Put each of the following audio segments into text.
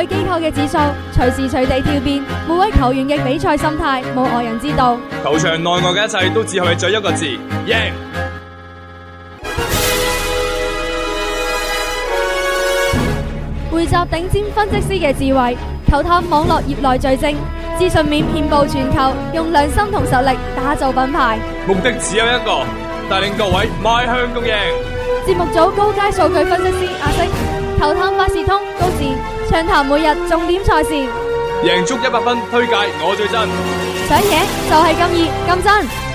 對機構嘅指數隨時隨地跳變，每位球員嘅比賽心態，冇外人知道。球場內外嘅一切都只係一個字:暢談每日重點賽事，贏足一百分，推介我最真，想贏就係咁易咁真。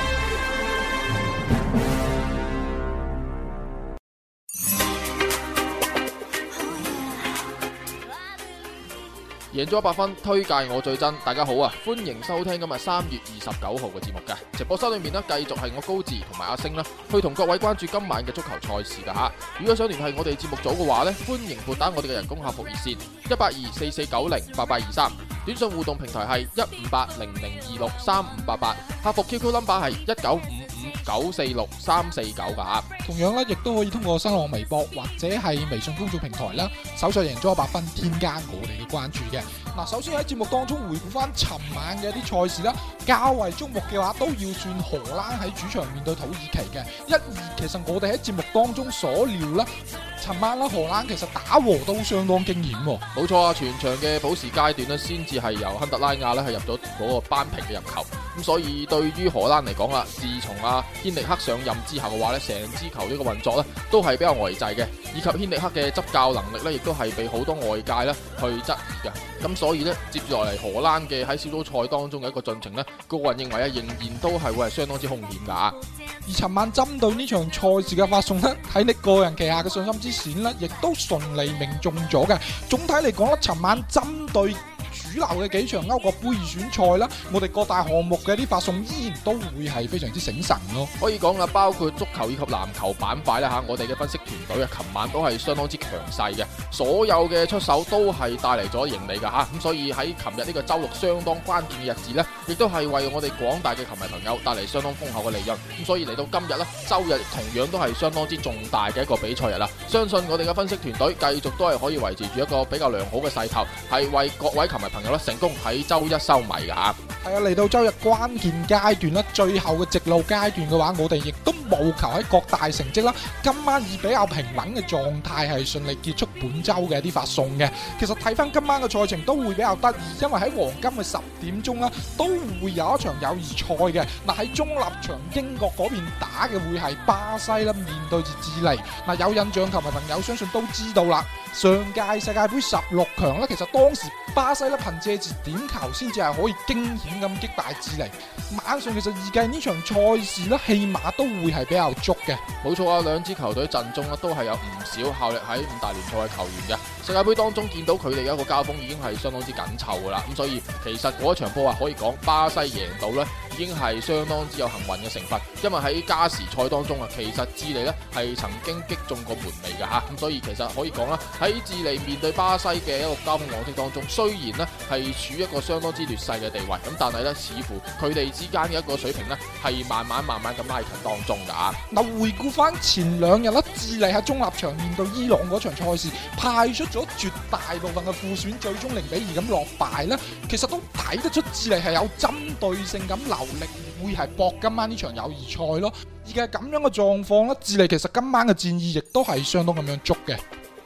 贏咗一百分，推介我最真。大家好啊，歡迎收聽今日三月二十九號嘅節目嘅直播室裏面呢，繼續係我高智同埋阿星啦，去同各位關注今晚嘅足球賽事噶吓。如果想聯繫我哋節目組嘅話呢，歡迎撥打我哋嘅人工客服熱線一八二四四九零八八二三，短信互動平台係一五八零零二六三五八八，客服 QQ number 係一九五。九四六三四九噶，同樣咧亦都可以通過新浪微博或者係微信公眾平台啦，搜索贏足 100FUN 添加我哋嘅關注嘅。嗱，首先喺節目當中回顧翻尋晚嘅一啲賽事啦，較為矚目嘅話都要算荷蘭喺主場面對土耳其嘅。一二，其實我哋喺節目當中所料啦，尋晚啦荷蘭其實打和都相當驚艷，冇錯啊，全場嘅補時階段咧，先至係由亨特拉亞咧係入咗嗰個扳平嘅入球。咁所以對於荷蘭嚟講啊，自從阿軒尼克上任之後嘅話咧，成支球呢個運作咧都係比較呆滯嘅，以及軒尼克嘅執教能力咧，亦都係被好多外界咧去質疑嘅。咁所以咧，接落嚟荷蘭嘅喺小組賽當中嘅一個進程呢，個人認為啊，仍然都係會係相當之凶險噶。而尋晚針對呢場賽事嘅發送呢，喺你個人旗下嘅信心之選呢，亦都順利命中咗嘅。總體嚟講咧，尋晚針對主流嘅幾場歐國杯選賽啦，我哋各大項目嘅啲發送依然都會係非常之醒神咯哦。可以講啦，包括足球以及籃球板塊啦吓，我哋嘅分析團隊啊，琴晚都係相當之強勢嘅，所有嘅出手都係帶嚟咗盈利噶吓。咁所以喺琴日呢個周六相當關鍵嘅日子呢，亦都係為我哋廣大嘅球迷朋友帶嚟相當豐厚嘅利潤。咁所以嚟到今日呢，周日同樣都係相當之重大嘅一個比賽日啦。相信我哋嘅分析團隊繼續都係可以維持住一個比較良好嘅勢頭，係為各位球迷朋友成功喺周一收米噶。係啊，嚟到周日關鍵階段啦，最後嘅直路階段嘅話，我哋亦都無求喺各大成績啦。今晚以比較平穩嘅狀態係順利結束本周嘅一啲發送嘅。其實睇翻今晚嘅賽程都會比較得意，因為喺黃金嘅十點鐘啦，都會有一場友誼賽嘅。嗱，喺中立場英國嗰邊打嘅會係巴西啦，面對住智利。嗱，有印象球迷朋友相信都知道啦，上屆世界杯十六強咧，其實當時。巴西咧，憑借住點球先至係可以驚險咁擊敗智利。馬上其實預計呢場賽事呢，起碼都會係比較足嘅。冇錯啊，兩支球隊陣中啊，都係有唔少效力喺五大聯賽嘅球員嘅。世界杯當中見到佢哋嘅一個交鋒已經係相當之緊湊嘅啦，咁所以其實嗰場波啊可以講巴西贏到呢已經係相當之有幸運嘅成分。因為喺加時賽當中啊，其實智利呢係曾經擊中過門楣嘅嚇，咁所以其實可以講啦，喺智利面對巴西嘅一個交鋒模式當中，雖然呢係處於一個相當之劣勢嘅地位，咁但係呢似乎佢哋之間嘅一個水平呢係慢慢慢慢咁拉近當中㗎。嗱，回顧翻前兩日啦，智利喺中立場面對伊朗嗰場賽事派出咗絕大部分嘅負選，最終零比二咁落敗，呢，其實都睇得出智利係有針對性咁留力，會係搏今晚呢場友誼賽咯。而嘅咁樣嘅狀況呢，智利其實今晚嘅戰意亦都係相當咁樣足嘅。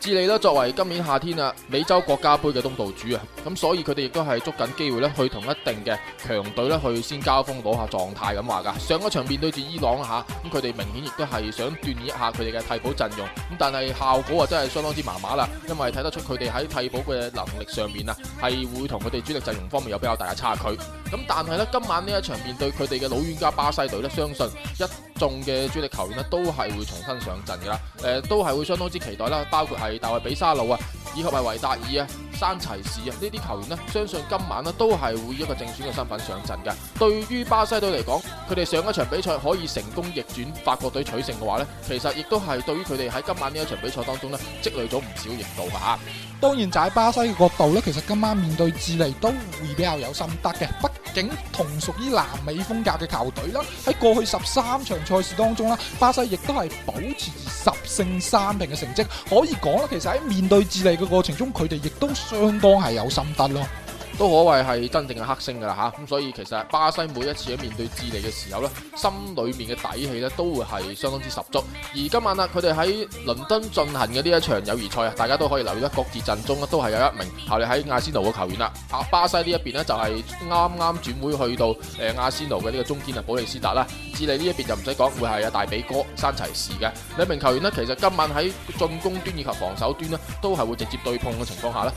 智利咧，作為今年夏天啊美洲國家盃嘅東道主啊，咁所以佢哋亦都係捉緊機會咧，去同一定嘅強隊咧去先交鋒攞下狀態咁話噶。上一場面對住伊朗啦吓，咁佢哋明顯亦都係想鍛煉一下佢哋嘅替補陣容，咁但係效果啊真係相當之麻麻啦，因為睇得出佢哋喺替補嘅能力上面啊係會同佢哋主力陣容方面有比較大嘅差距。咁但係呢，今晚呢一場面對佢哋嘅老冤家巴西隊咧，相信一。中嘅主力球員呢都係會重新上陣噶啦，誒、呃、都係會相當之期待啦。包括係大衛比沙路啊，以及係維達爾啊、山齊士啊呢啲球員呢，相信今晚呢都係會以一個正選嘅身份上陣嘅。對於巴西隊嚟講，佢哋上一場比賽可以成功逆轉法國隊取勝嘅話呢，其實亦都係對於佢哋喺今晚呢一場比賽當中呢積累咗唔少贏度嘅吓。當然就喺巴西嘅角度呢，其實今晚面對智利都會比較有心得嘅。竟同屬於南美風格嘅球隊啦，喺過去十三場賽事當中啦，巴西亦都係保持十勝三平嘅成績，可以講啦，其實喺面對智利嘅過程中，佢哋亦都相當係有心得咯。都可謂係真正嘅黑星㗎啦嚇，咁所以其實巴西每一次喺面對智利嘅時候呢，心裏面嘅底氣咧都會係相當之十足。而今晚啊，佢哋喺倫敦進行嘅呢一場友誼賽啊，大家都可以留意啦，各自陣中咧都係有一名效力喺阿仙奴嘅球員啦。阿巴西呢一邊呢，就係啱啱轉會去到誒阿仙奴嘅呢個中堅啊保利斯達啦，智利呢一邊就唔使講，會係有大比哥、山齊士嘅兩名球員呢，其實今晚喺進攻端以及防守端呢，都係會直接對碰嘅情況下呢，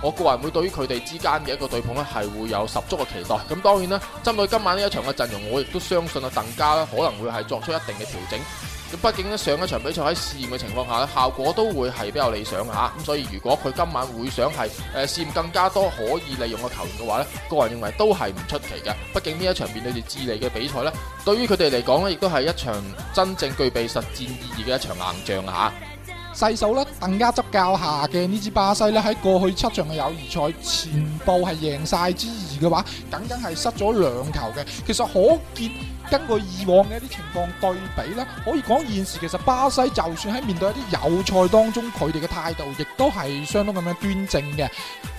我個人會對於佢哋之間嘅一個。對碰咧，係會有十足嘅期待，咁當然啦，針對今晚呢一場嘅陣容，我亦都相信啊鄧家咧可能會係作出一定嘅調整。咁畢竟咧上一場比賽喺試驗嘅情況下咧效果都會係比較理想吓，咁所以如果佢今晚會想係誒試驗更加多可以利用嘅球員嘅話咧，個人認為都係唔出奇嘅。畢竟呢一場面對住智利嘅比賽咧，對於佢哋嚟講咧亦都係一場真正具備實戰意義嘅一場硬仗吓。細數咧，鄧家執教下嘅呢支巴西咧，喺過去七場嘅友誼賽全部係贏晒之餘嘅話，僅僅係失咗兩球嘅。其實可見，根據以往嘅一啲情況對比呢，可以講現時其實巴西就算喺面對一啲友賽當中，佢哋嘅態度亦都係相當咁樣端正嘅。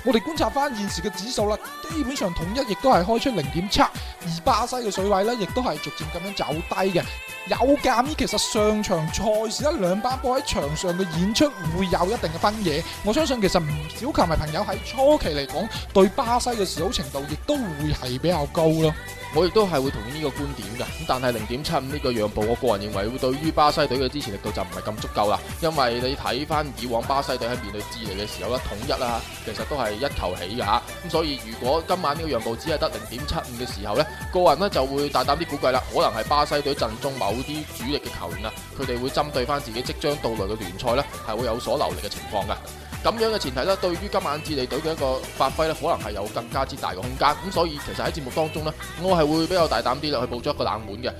我哋觀察翻現時嘅指數啦，基本上統一亦都係開出零點七，而巴西嘅水位呢亦都係逐漸咁樣走低嘅。有鑒於，其實上場賽事一兩班波喺場上嘅演出會有一定嘅分野。我相信其實唔少球迷朋友喺初期嚟講，對巴西嘅看好程度亦都會係比較高咯。我亦都係會同意呢個觀點噶，但係零點七五呢個讓步，我個人認為會對於巴西隊嘅支持力度就唔係咁足夠啦。因為你睇翻以往巴西隊喺面對智利嘅時候啦，統一啦，其實都係。一球起㗎吓，咁所以如果今晚呢個讓步只係得零點七五嘅時候咧，個人呢就會大膽啲估計啦，可能係巴西隊陣中某啲主力嘅球員啊，佢哋會針對翻自己即將到來嘅聯賽呢係會有所留力嘅情況嘅。咁樣嘅前提呢，對於今晚智利隊嘅一個發揮呢，可能係有更加之大嘅空間。咁所以其實喺節目當中呢，我係會比較大膽啲啦，去報咗一個冷門嘅。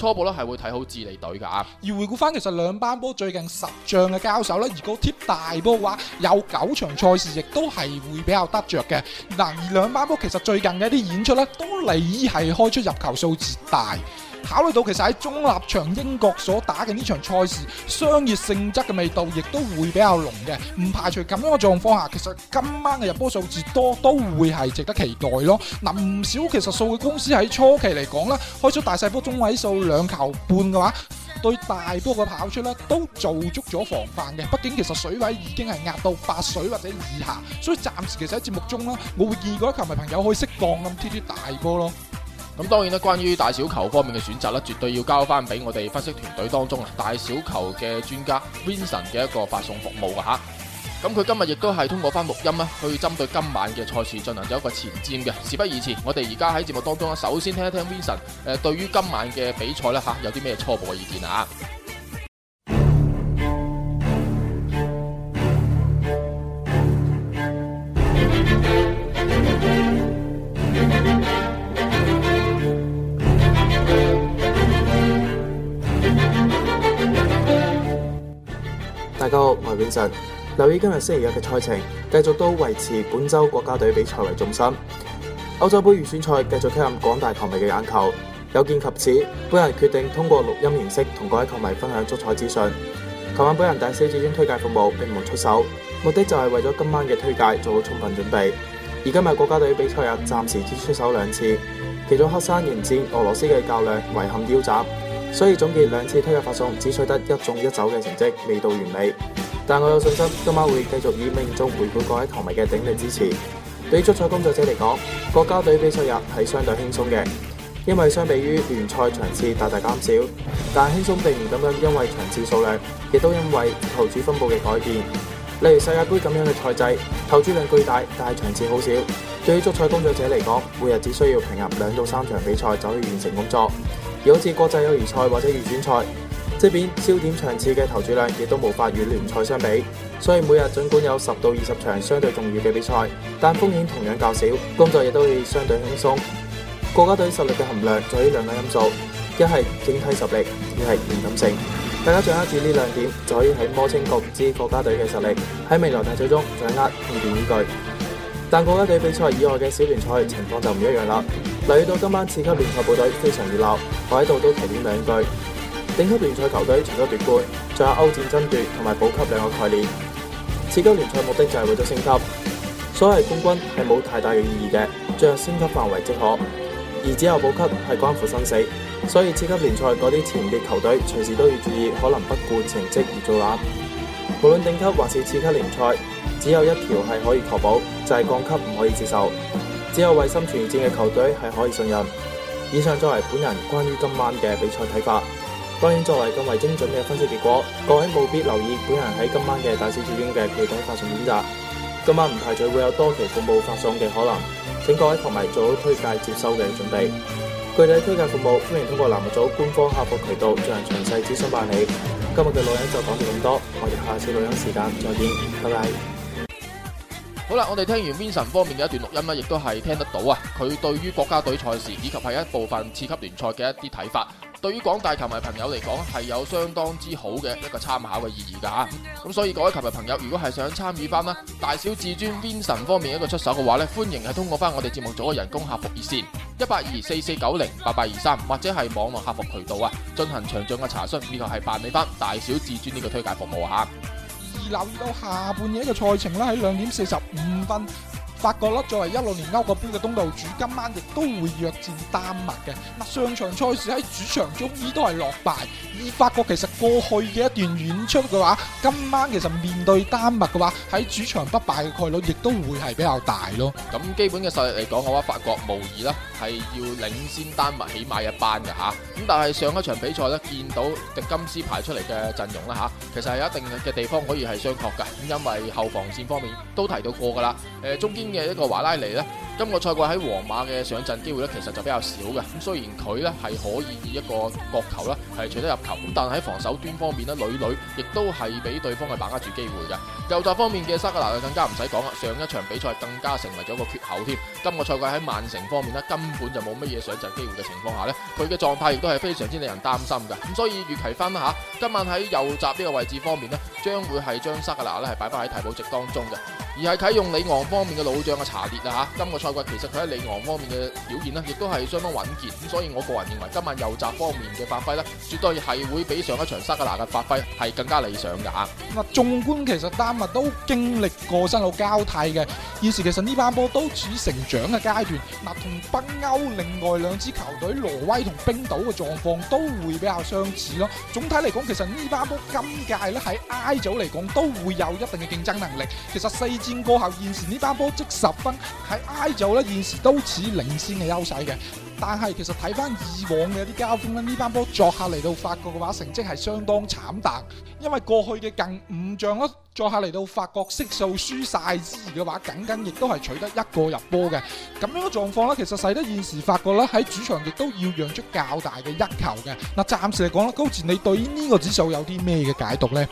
初步咧係會睇好智利隊噶啊，而回顧翻其實兩班波最近十仗嘅交手咧，如果貼大波嘅話，有九場賽事亦都係會比較得着嘅。嗱，而兩班波其實最近嘅一啲演出咧，都離依係開出入球數字大。考慮到其實喺中立場英國所打嘅呢場賽事，商業性質嘅味道亦都會比較濃嘅，唔排除咁樣嘅狀況下，其實今晚嘅入波數字多都會係值得期待咯。嗱，唔少其實數據公司喺初期嚟講咧，開出大細波中位數兩球半嘅話，對大波嘅跑出咧都做足咗防範嘅。畢竟其實水位已經係壓到八水或者以下，所以暫時其實喺節目中啦，我會建議嗰啲球迷朋友可以適當咁貼啲大波咯。咁當然啦，關於大小球方面嘅選擇咧，絕對要交翻俾我哋分析團隊當中啊，大小球嘅專家 Vincent 嘅一個發送服務噶吓。咁佢今日亦都係通過翻錄音啦，去針對今晚嘅賽事進行咗一個前瞻嘅。事不宜遲，我哋而家喺節目當中咧，首先聽一聽 Vincent 誒，對於今晚嘅比賽咧吓，有啲咩初步嘅意見啊？我係 Winson，留意今日星期日嘅賽程，繼續都維持本周國家隊比賽為重心。歐洲盃預選賽繼續吸引廣大球迷嘅眼球，有見及此，本人決定通過錄音形式同各位球迷分享足彩資訊。琴晚本人第四次推介服務並冇出手，目的就係為咗今晚嘅推介做好充分準備。而今日國家隊比賽日暫時只出手兩次，其中黑山迎戰俄羅斯嘅較量遺憾腰斬。所以總結兩次推入發送只取得一中一走嘅成績，未到完美。但我有信心今晚會繼續以命中回報各位球迷嘅鼎力支持。對於足彩工作者嚟講，國家隊比賽日係相對輕鬆嘅，因為相比於聯賽場次大大減少。但輕鬆並唔係咁樣，因為場次數量亦都因為投注分布嘅改變。例如世界盃咁樣嘅賽制，投注量巨大，但係場次好少。對於足彩工作者嚟講，每日只需要平合兩到三場比賽就可以完成工作。而好似國際友誼賽或者預選賽，即便焦點場次嘅投注量亦都無法與聯賽相比，所以每日盡管有十到二十場相對重要嘅比賽，但風險同樣較少，工作亦都會相對輕鬆。國家隊實力嘅衡量在於兩個因素：一係整體實力，二係敏感性。大家掌握住呢兩點，就可以喺摸清各支國家隊嘅實力，喺未來大賽中掌握判斷依據。但國家隊比賽以外嘅小聯賽情況就唔一樣啦。例如到今晚次級聯賽部隊非常熱鬧，我喺度都提點兩句。頂級聯賽球隊除咗奪冠，仲有歐戰爭奪同埋保級兩個概念。次級聯賽目的就係為咗升級，所謂冠軍係冇太大嘅意義嘅，進入升級範圍即可。而只有保級係關乎生死，所以次級聯賽嗰啲前列球隊隨時都要注意，可能不顧成績而造反。無論頂級還是次級聯賽。只有一條係可以確保，就係降級唔可以接受。只有為生存而戰嘅球隊係可以信任。以上作為本人關於今晚嘅比賽睇法。當然作為更為精準嘅分析結果，各位務必留意本人喺今晚嘅大小主選嘅具體發送演習。今晚唔排除會有多期服務發送嘅可能。請各位同埋做好推介接收嘅準備。具體推介服務歡迎通過欄目組官方客服渠道進行詳細諮詢辦理。今日嘅老友就講到咁多，我哋下次老友時間再見，拜拜。Bye bye 好啦，我哋聽完 Vinson 方面嘅一段錄音呢，亦都係聽得到啊，佢對於國家隊賽事以及係一部分次級聯賽嘅一啲睇法，對於廣大球迷朋友嚟講係有相當之好嘅一個參考嘅意義噶。咁所以各位球迷朋友，如果係想參與翻啦大小至尊 Vinson 方面一個出手嘅話呢，歡迎係通過翻我哋節目組嘅人工客服熱線一八二四四九零八八二三，或者係網絡客服渠道啊，進行詳盡嘅查詢，呢個係辦理翻大小至尊呢個推介服務。留意到下半夜嘅賽程啦，喺兩點四十五分。法國作為一六年歐國杯嘅東道主，今晚亦都會約戰丹麥嘅。嗱，上場賽事喺主場終於都係落敗。而法國其實過去嘅一段演出嘅話，今晚其實面對丹麥嘅話，喺主場不敗嘅概率亦都會係比較大咯。咁基本嘅實力嚟講嘅話，法國無疑啦，係要領先丹麥起碼一班㗎嚇。咁但係上一場比賽呢，見到迪金斯排出嚟嘅陣容啦嚇，其實係有一定嘅地方可以係相確㗎。咁因為後防線方面都提到過噶啦，誒中堅，嘅一個華拉尼呢今個賽季喺皇馬嘅上陣機會呢，其實就比較少嘅。咁雖然佢呢係可以以一個角球呢係取得入球，咁但係喺防守端方面呢，屢屢亦都係俾對方係把握住機會嘅。右閘方面嘅薩格納更加唔使講啦，上一場比賽更加成為咗個缺口添。今個賽季喺曼城方面呢，根本就冇乜嘢上陣機會嘅情況下呢，佢嘅狀態亦都係非常之令人擔心㗎。咁所以預期翻下，今晚喺右閘呢個位置方面呢。將會係將薩格拿咧，係擺翻喺替補席當中嘅，而係啟用里昂方面嘅老將嘅查列啊嚇。今個賽季其實佢喺里昂方面嘅表現咧，亦都係相當穩健。所以我個人認為今日右閘方面嘅發揮咧，絕對係會比上一場薩格拿嘅發揮係更加理想嘅嚇。嗱、啊，縱觀其實丹麥都經歷過新老交替嘅，現時其實呢班波都處成長嘅階段。嗱、啊，同北歐另外兩支球隊挪威同冰島嘅狀況都會比較相似咯、啊。總體嚟講，其實呢班波今屆咧喺 I 組嚟講都會有一定嘅競爭能力。其實四戰過後，現時呢班波積十分喺 I 組咧，現時都似領先嘅優勢嘅。但係其實睇翻以往嘅一啲交鋒咧，呢班波作客嚟到法國嘅話，成績係相當慘淡。因為過去嘅近五仗咯，作客嚟到法國，悉數輸晒之餘嘅話，僅僅亦都係取得一個入波嘅咁樣嘅狀況啦。其實使得現時法國咧喺主場亦都要讓出較大嘅一球嘅。嗱，暫時嚟講啦，高智，你對於呢個指數有啲咩嘅解讀咧？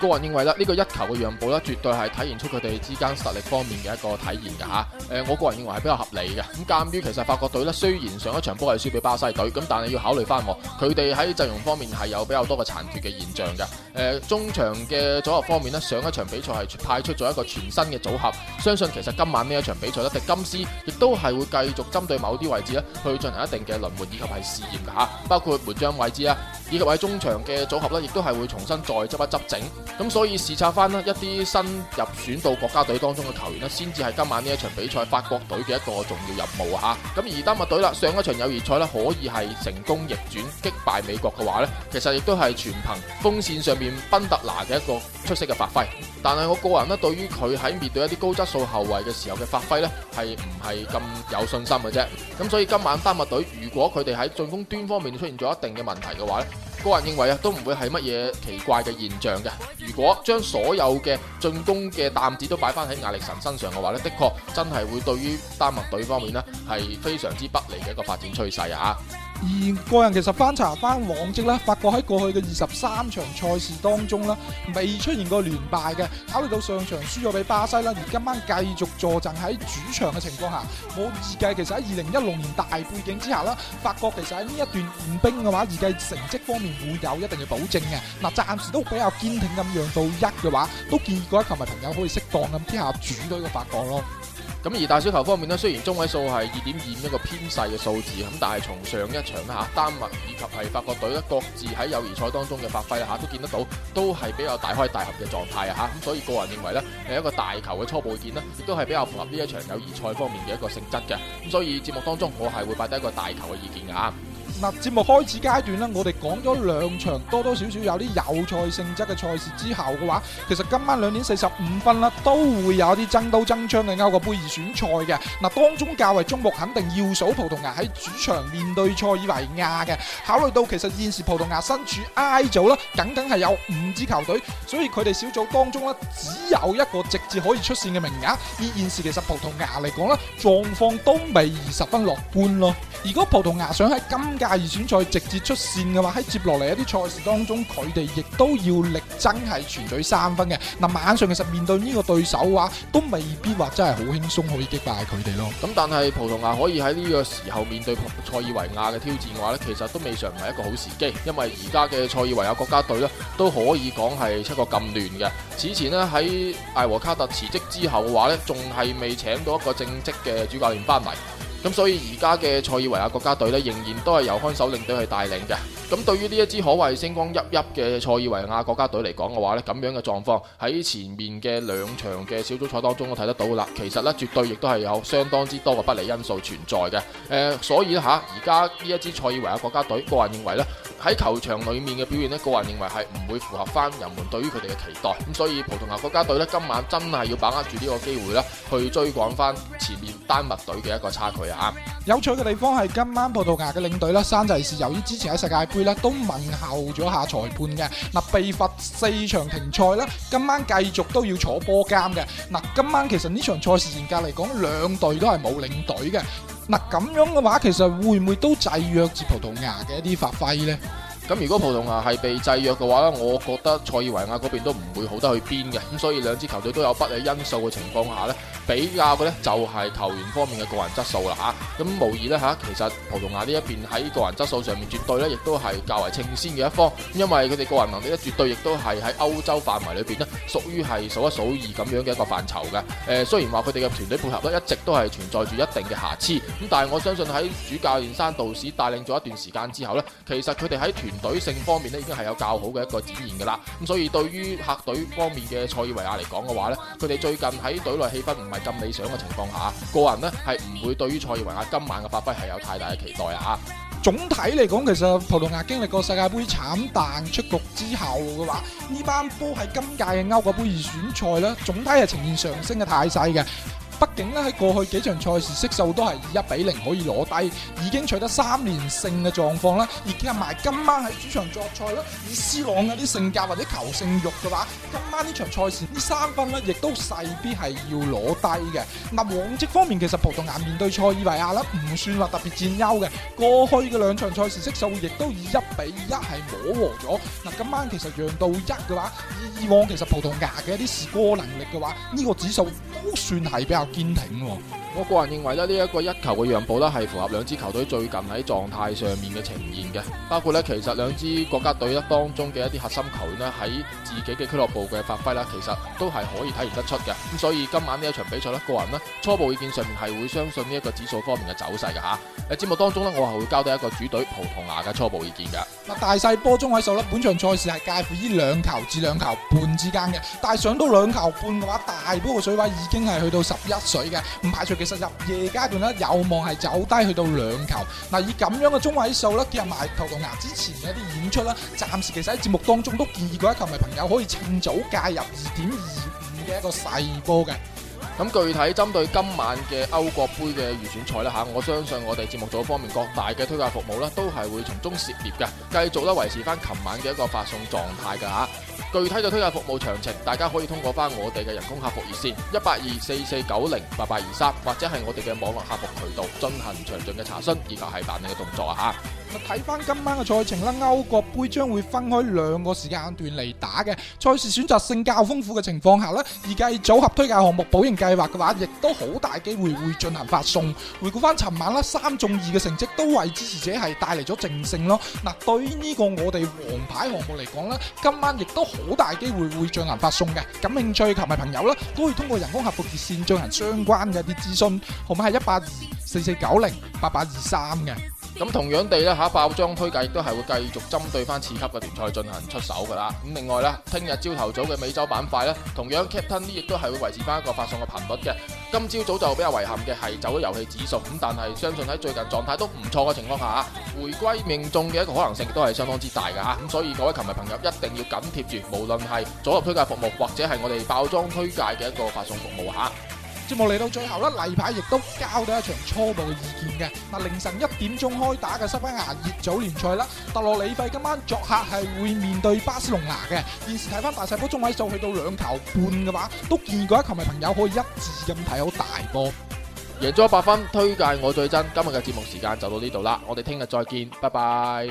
個人認為啦，呢個一球嘅讓步咧，絕對係體現出佢哋之間實力方面嘅一個體現㗎嚇。誒、呃，我個人認為係比較合理嘅。咁鑒於其實法國隊呢，雖然上一場波係輸俾巴西隊，咁但係要考慮翻，佢哋喺陣容方面係有比較多嘅殘缺嘅現象嘅。誒、呃，中場嘅組合方面呢，上一場比賽係派出咗一個全新嘅組合，相信其實今晚呢一場比賽呢，迪金斯亦都係會繼續針對某啲位置呢去進行一定嘅輪換以及係試驗㗎嚇，包括門將位置啊。以及喺中場嘅組合咧，亦都係會重新再執一執整。咁所以視察翻啦，一啲新入選到國家隊當中嘅球員呢，先至係今晚呢一場比賽法國隊嘅一個重要任務啊！吓，咁而丹麥隊啦，上一場友誼賽呢，可以係成功逆轉擊敗美國嘅話呢，其實亦都係全憑鋒線上面賓特拿嘅一個出色嘅發揮。但係我個人呢，對於佢喺面對一啲高質素後衞嘅時候嘅發揮呢係唔係咁有信心嘅啫。咁所以今晚丹麥隊如果佢哋喺進攻端方面出現咗一定嘅問題嘅話咧，個人認為啊，都唔會係乜嘢奇怪嘅現象嘅。如果將所有嘅進攻嘅擔子都擺翻喺亞歷臣身上嘅話咧，的確真係會對於丹麥隊方面咧，係非常之不利嘅一個發展趨勢啊。而個人其實翻查翻往績啦，法國喺過去嘅二十三場賽事當中啦，未出現過連敗嘅。考慮到上場輸咗俾巴西啦，而今晚繼續坐鎮喺主場嘅情況下，我預計其實喺二零一六年大背景之下啦，法國其實喺呢一段練兵嘅話，預計成績方面會有一定嘅保證嘅。嗱、啊，暫時都比較堅挺咁讓到一嘅話，都建議各位球迷朋友可以適當咁之下轉到呢個法國咯。咁而大小球方面呢，雖然中位數係二點二五一個偏細嘅數字，咁但係從上一場啦吓丹麥以及係法國隊呢各自喺友誼賽當中嘅發揮啦吓都見得到，都係比較大開大合嘅狀態吓，咁所以個人認為呢，係一個大球嘅初步見呢，亦都係比較符合呢一場友誼賽方面嘅一個性質嘅，咁所以節目當中我係會擺低一個大球嘅意見㗎。嗱，節目開始階段咧，我哋講咗兩場多多少少有啲有賽性質嘅賽事之後嘅話，其實今晚兩點四十五分啦，都會有啲爭刀爭槍嘅歐國盃預選賽嘅。嗱，當中較為矚目，肯定要數葡萄牙喺主場面對塞爾維亞嘅。考慮到其實現時葡萄牙身處 I 組啦，僅僅係有五支球隊，所以佢哋小組當中咧只有一個直接可以出線嘅名額。而現時其實葡萄牙嚟講呢狀況都未而十分樂觀咯。如果葡萄牙想喺今屆第二選賽直接出線嘅話，喺接落嚟一啲賽事當中，佢哋亦都要力爭係全取三分嘅。嗱、啊，晚上其實面對呢個對手啊，都未必話真係好輕鬆可以擊敗佢哋咯。咁、嗯、但係葡萄牙可以喺呢個時候面對塞爾維亞嘅挑戰嘅話咧，其實都未嘗唔係一個好時機，因為而家嘅塞爾維亞國家隊咧都可以講係出過咁亂嘅。此前咧喺艾和卡特辭職之後嘅話咧，仲係未請到一個正職嘅主教練翻嚟。咁所以而家嘅塞爾維亞國家隊呢，仍然都係由看守領隊去帶領嘅。咁對於呢一支可謂星光熠熠嘅塞爾維亞國家隊嚟講嘅話呢，咁樣嘅狀況喺前面嘅兩場嘅小組賽當中都睇得到啦。其實呢，絕對亦都係有相當之多嘅不利因素存在嘅。呃，所以咧吓，而家呢一支塞爾維亞國家隊，個人認為呢，喺球場裏面嘅表現咧，個人認為係唔會符合翻人們對於佢哋嘅期待，咁所以葡萄牙國家隊咧今晚真係要把握住呢個機會啦，去追趕翻前面丹麥隊嘅一個差距啊！有趣嘅地方係今晚葡萄牙嘅領隊咧，山度士由於之前喺世界盃咧都問候咗下裁判嘅，嗱被罰四場停賽啦，今晚繼續都要坐波監嘅。嗱今晚其實呢場賽事嚴格嚟講，兩隊都係冇領隊嘅。嗱咁樣嘅話，其實會唔會都制約住葡萄牙嘅一啲發揮呢？咁如果葡萄牙係被制約嘅話咧，我覺得塞爾維亞嗰邊都唔會好得去邊嘅，咁所以兩支球隊都有不利因素嘅情況下咧，比較嘅咧就係球員方面嘅個人質素啦吓。咁無疑咧吓，其實葡萄牙呢一邊喺個人質素上面絕對咧亦都係較為稱先嘅一方，因為佢哋個人能力咧絕對亦都係喺歐洲範圍裏邊咧屬於係數一數二咁樣嘅一個範疇嘅。誒，雖然話佢哋嘅團隊配合咧一直都係存在住一定嘅瑕疵，咁但係我相信喺主教練山道士帶領咗一段時間之後咧，其實佢哋喺團隊性方面咧，已經係有較好嘅一個展現噶啦。咁所以對於客隊方面嘅塞爾維亞嚟講嘅話咧，佢哋最近喺隊內氣氛唔係咁理想嘅情況下，個人咧係唔會對於塞爾維亞今晚嘅發揮係有太大嘅期待啊。總體嚟講，其實葡萄牙經歷過世界杯慘淡出局之後嘅話，呢班波喺今屆嘅歐國盃預選賽咧，總體係呈現上升嘅態勢嘅。畢竟咧喺過去幾場賽事悉數都係以一比零可以攞低，已經取得三連勝嘅狀況啦。而加埋今晚喺主場作賽咧，以斯朗嘅啲性格或者求勝欲嘅話，今晚呢場賽事呢三分呢亦都勢必係要攞低嘅。嗱，往績方面其實葡萄牙面對塞爾維亞咧唔算話特別佔優嘅，過去嘅兩場賽事悉數亦都以一比一係磨和咗。嗱，今晚其實讓到一嘅話，以往其實葡萄牙嘅一啲試過能力嘅話，呢、這個指數都算係比較高的。堅挺哦。我個人認為咧，呢一個一球嘅讓步呢，係符合兩支球隊最近喺狀態上面嘅呈現嘅，包括呢，其實兩支國家隊咧當中嘅一啲核心球員呢，喺自己嘅俱樂部嘅發揮啦，其實都係可以體現得出嘅。咁所以今晚呢一場比賽呢，個人呢初步意見上面係會相信呢一個指數方面嘅走勢嘅吓。喺節目當中呢，我係會交到一個主隊葡萄牙嘅初步意見嘅。嗱，大細波中位數呢，本場賽事係介乎於兩球至兩球半之間嘅，但係上到兩球半嘅話，大波嘅水位已經係去到十一水嘅，唔排除。其實入夜階段咧，有望係走低去到兩球。嗱，以咁樣嘅中位數咧，結合埋葡萄牙之前嘅一啲演出啦。暫時其實喺節目當中都建議過啦，球迷朋友可以趁早介入二點二五嘅一個細波嘅。咁具體針對今晚嘅歐國杯嘅預選賽咧吓，我相信我哋節目組方面各大嘅推介服務呢，都係會從中涉獵嘅，繼續咧維持翻琴晚嘅一個發送狀態噶吓。具體嘅推介服務詳情，大家可以通過翻我哋嘅人工客服熱線一八二四四九零八八二三，823, 或者係我哋嘅網絡客服渠道進行詳盡嘅查詢，以及係辦理嘅動作啊吓。睇翻今晚嘅賽程啦，歐國杯將會分開兩個時間段嚟打嘅。賽事選擇性較豐富嘅情況下啦，而繼組合推介項目保贏計劃嘅話，亦都好大機會會進行發送。回顧翻尋晚啦三中二嘅成績，都為支持者係帶嚟咗正勝咯。嗱，對於呢個我哋王牌項目嚟講咧，今晚亦都好大機會會進行發送嘅。感興趣及埋朋友啦，都可以通過人工客服熱線進行相關嘅一啲諮詢，號碼係一八二四四九零八八二三嘅。咁同樣地咧，嚇爆莊推介亦都係會繼續針對翻次級嘅聯賽進行出手㗎啦。咁另外咧，聽日朝頭早嘅美洲板塊咧，同樣 Captain 呢亦都係會維持翻一個發送嘅頻率嘅。今朝早就比較遺憾嘅係走咗遊戲指數，咁但係相信喺最近狀態都唔錯嘅情況下，回歸命中嘅一個可能性都係相當之大㗎嚇。咁所以各位球迷朋友一定要緊貼住，無論係組合推介服務或者係我哋爆莊推介嘅一個發送服務嚇。節目嚟到最後啦，例牌亦都交到一場初步嘅意見嘅。嗱，凌晨一點鐘開打嘅西班牙熱組聯賽啦，特洛里費今晚作客係會面對巴塞隆拿嘅。現時睇翻大細波，中位數去到兩球半嘅話，都建議各位球迷朋友可以一致咁睇好大波，贏足 100FUN，推介我最真。今日嘅節目時間就到呢度啦，我哋聽日再見，拜拜。